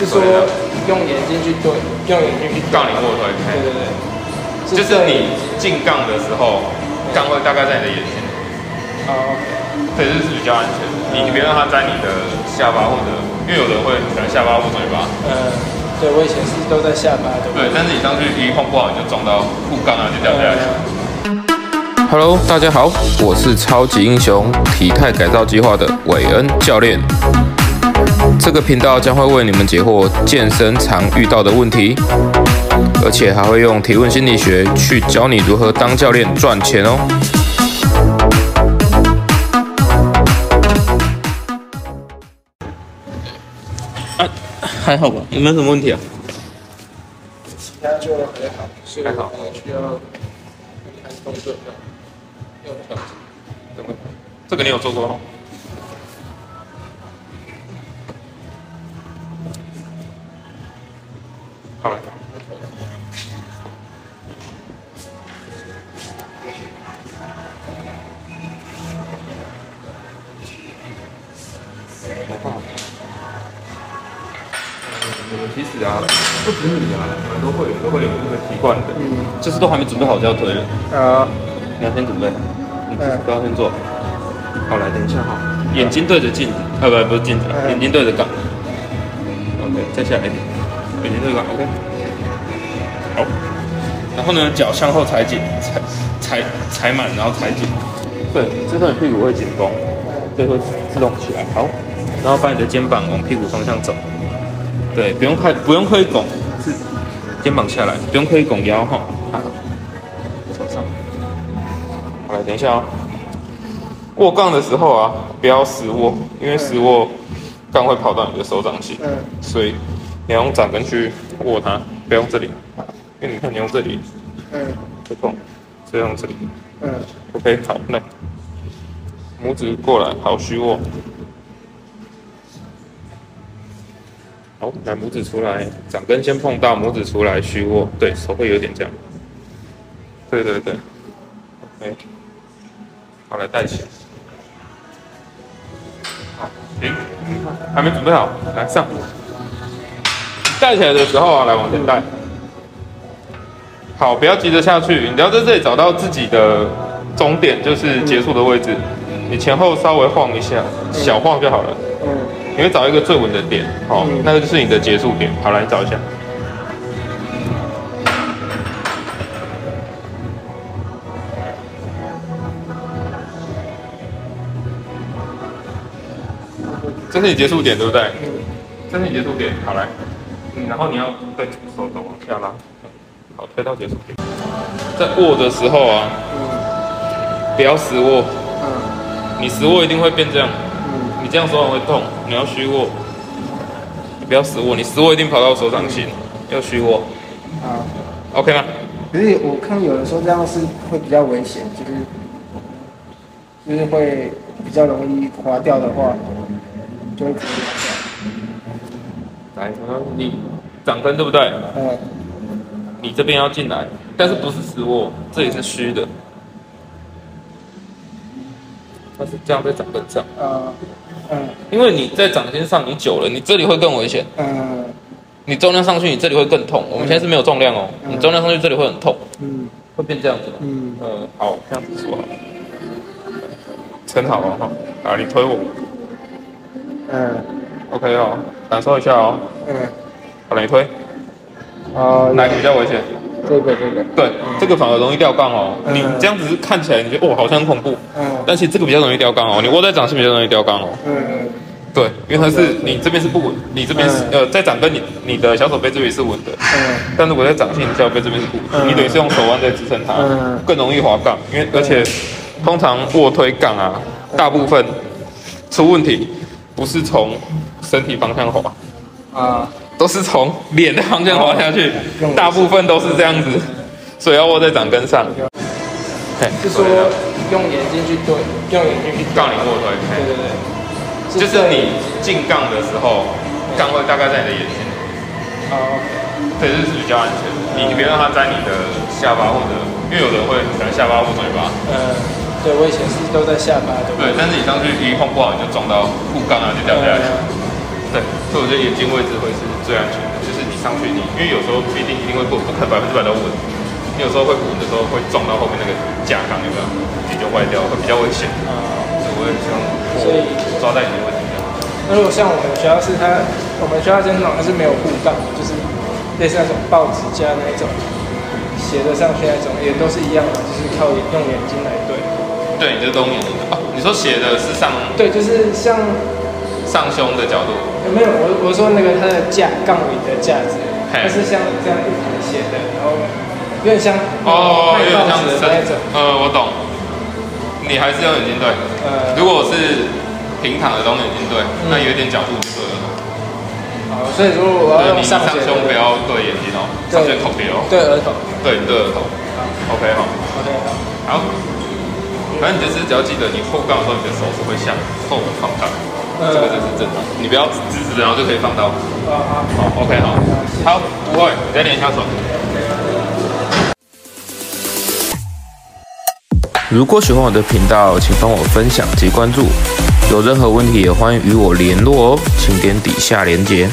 是說用眼睛去對，用眼睛去槓鈴臥推。對對對，就是你進槓的時候，槓會大概在你的眼睛。好、呃，這也是比較安全。呃、你你別讓它在你的下巴或者，因為有人會可能下巴碰嘴巴。嗯、呃，對我以前是都在下巴。對，但是你上去一碰不好，你就撞到護槓啊，就掉下來。Oh, yeah. Hello，大家好，我是超級英雄體態改造計劃的韋恩教練。這個頻道將會為你們解惑健身常遇到的問題，而且還會用提問心理學去教你如何當教練賺錢哦。啊，還好吧？有沒有什麼問題啊？其他就還好，還好。需要看動作這個你有做過嗎？嗎好嘞。來好、嗯嗯啊、你們平時呀，不止你呀，你們都會有，都會有這個習慣的。好、嗯、這次都還沒準備好就要推了。啊、嗯。你要先準備哎。好、嗯、要先做。嗯、好好等一下好、嗯、眼睛對著鏡子，啊不不是鏡子，嗯、眼睛對著槓。嗯、OK，再下來一點眼睛這個 OK，好，然後呢，腳向後踩緊，踩踩踩滿，然後踩緊。對，這時候你屁股會緊繃，對會自動起來。好，然後把你的肩膀往屁股方向走。對，不用太，不用刻意拱，肩膀下來，不用刻意拱腰哈、啊。好來，等一下哦。握槓的時候啊，不要死握，因為死握。槓會跑到你的手掌心，嗯，所以你要用掌根去握它，不用這裡，因為你看，你用這裡，嗯，會痛，這樣子，嗯，OK，好，來，拇指過來，好虛握，好，來拇指出來，掌根先碰到，拇指出來虛握，對，手會有點這樣，對對對，OK，好，來帶起來，好，停。還沒準備好，來上。帶起來的時候啊，來往前帶。好，不要急着下去，你要在這裡找到自己的終點，就是結束的位置。你前後稍微晃一下，小晃就好了。嗯。你會找一個最穩的點，好，那個就是你的結束點。好，來，你找一下。這是你結束點對不對？嗯、這是你結束點，好來，然後你要對手動，手掌往下拉，好，推到結束點。在握的時候啊，嗯、不要實握，嗯、你實握一定會變這樣，嗯、你這樣手會痛，你要虛握，嗯、不要實握，你實握一定跑到手掌心，嗯、要虛握，啊，OK 嗎？可是我看有人說這樣是會比較危險，就是就是會比較容易滑掉的話。嗯 來，你掌根對不對？嗯。你這邊要進來，但是不是實握，這裡是虛的。它是這樣在掌根上。嗯嗯。因為你在掌心上你久了，你這裡會更危險。嗯。你重量上去，你這裡會更痛。我們現在是沒有重量哦，你重量上去這裡會很痛。嗯，會變這樣子的。嗯、呃、嗯。好，這樣子說。撐好了、哦、好啊，你推我。嗯，OK 哦，感受一下哦。嗯，好，你推。哦，哪個比較危險？這個，這個。對，這個反而容易掉槓哦。你這樣子看起來，你覺得哦，好像很恐怖。嗯。但是這個比較容易掉槓哦。你握在掌心比較容易掉槓哦。嗯。對，因為它是你這邊是不穩，你這邊呃在掌根你你的小手背這邊是穩的。嗯。但是如果在掌心小手背這邊是不穩。你等於是用手腕在支撐它，更容易滑槓。因為而且通常臥推槓啊，大部分出問題。不是從身體方向滑，啊，都是從臉的方向滑下去，大部分都是這樣子，所以要握在掌根上。是說用眼睛去對，用眼睛去槓鈴臥推。對對對，就是你進槓的時候，槓會大概在你的眼睛。哦，對，這是比較安全，你你別讓它在你的下巴或者，因為有人會可能下巴握對吧？嗯。對，我以前是都在下巴。對，但是你上去一碰不好，你就撞到護槓啊，就掉下來。嗯嗯、對，所以我覺得眼睛位置會是最安全的，就是你上去，你因為有時候一定一定會不不可能百分之百的穩，你有時候會穩的時候會撞到後面那個架槓，有沒有？你就歪掉，會比較危險啊。嗯、所以，脫所以抓在你的位置，那如果像我們學校是它，我們學校的這種它是沒有護槓，就是類似那種報紙架那一種，斜着上去那一種，也都是一樣嘛，就是靠眼用眼睛來對。對，你就東眼睛哦。你說寫的是上，對，就是像上胸的角度。有沒有？我我說那個它的架槓鈴的架子，它是像這樣一同寫的，然後有點像賣報紙的那種。呃，我懂。你還是用眼睛對？呃，如果是平躺的東眼睛對，那有一點角度對。哦，所以說我要用上胸不要對眼睛哦，上胸口別哦，對額頭，對對額頭，OK 哈。OK 好。反正你就是，只要記得你後槓的時候，你的手是會向後放大，這個就是正常。你不要直直的，然後就可以放到。好、啊啊、好，好，OK，好。好，不會，再點一下手。好如果喜歡我的頻道，請幫我分享及關注。有任何問題也歡迎與我聯絡哦，請點底下鏈接。